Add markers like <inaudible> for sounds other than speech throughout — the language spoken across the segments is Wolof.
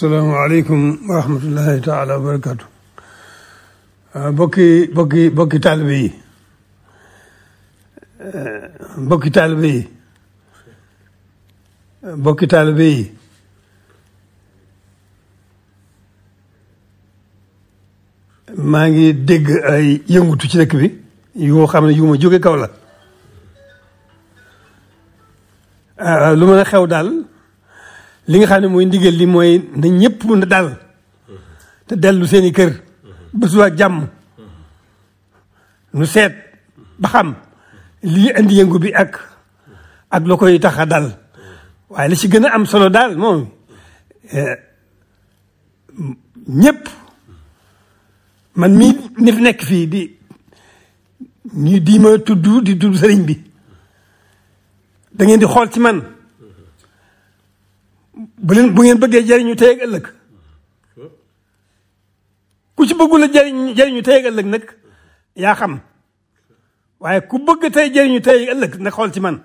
salaamaaleykum wa rahmatullahi taala wa barakaatu bokki ah, bokki bokki bokki taalibe eh, maa ngi dégg ay yëngutu ci dëkk bi yoo xam ne yu ma jóge kaw ah, lu mën a xew daal li nga xam ne mooy ndigal li mooy na ñëpp na dal te dellu seeni kër ba suba jàmm nu seet ba xam lii indi yëngu bi ak ak la koy tax a dal waaye li ci gën a am solo daal moom eh, ñépp man mii ni fi nekk fii di ñu di ma tudd di tudd sëriñ bi dangeen di xool ci man bu leen bu ngeen bëggee jariñu tey ak ëllëg ku ci bëggula jariñ jariñu tey ëllëg nag yaa xam waaye ku bëgg tey jariñu tey ak ëllëg nag xool ci man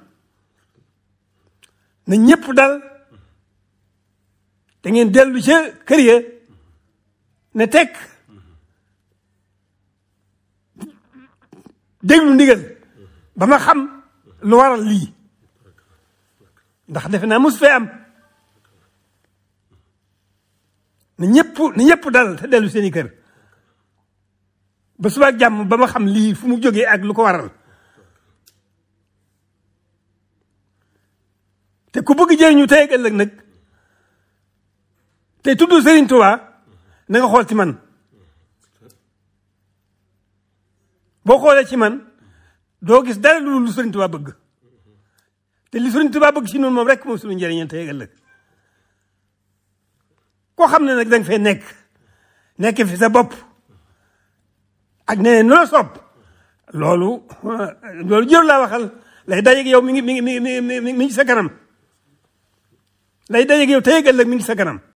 na ñëpp dal da ngeen dellu ca kër ya ne tekk déglu ndigal ba ma xam lu waral lii ndax defe naa mos fee am na ñëpp na ñëpp dal te dellu seen i kër ba suba ak jàmm ba ma xam lii fu mu jógee ak lu ko waral te ku bëgg jëriñu tey ak ëllëg nag te tudd Serigne Touba na xool ci man boo xoolee ci man doo gis dara lu Serigne Touba bëgg te li Serigne Touba bëgg ci noonu moom rek moom suñu njëriñal tey ak ëllëg koo xam ne nag da nga fee nekk nekk fi sa bopp ak nee nu la loolu <laughs> loolu jër laa waxal lay dajeeg yow mi ngi mi ngi mi ngi mi ngi sa kanam lay dajeeg yow tey ëllëg mi ngi sa kanam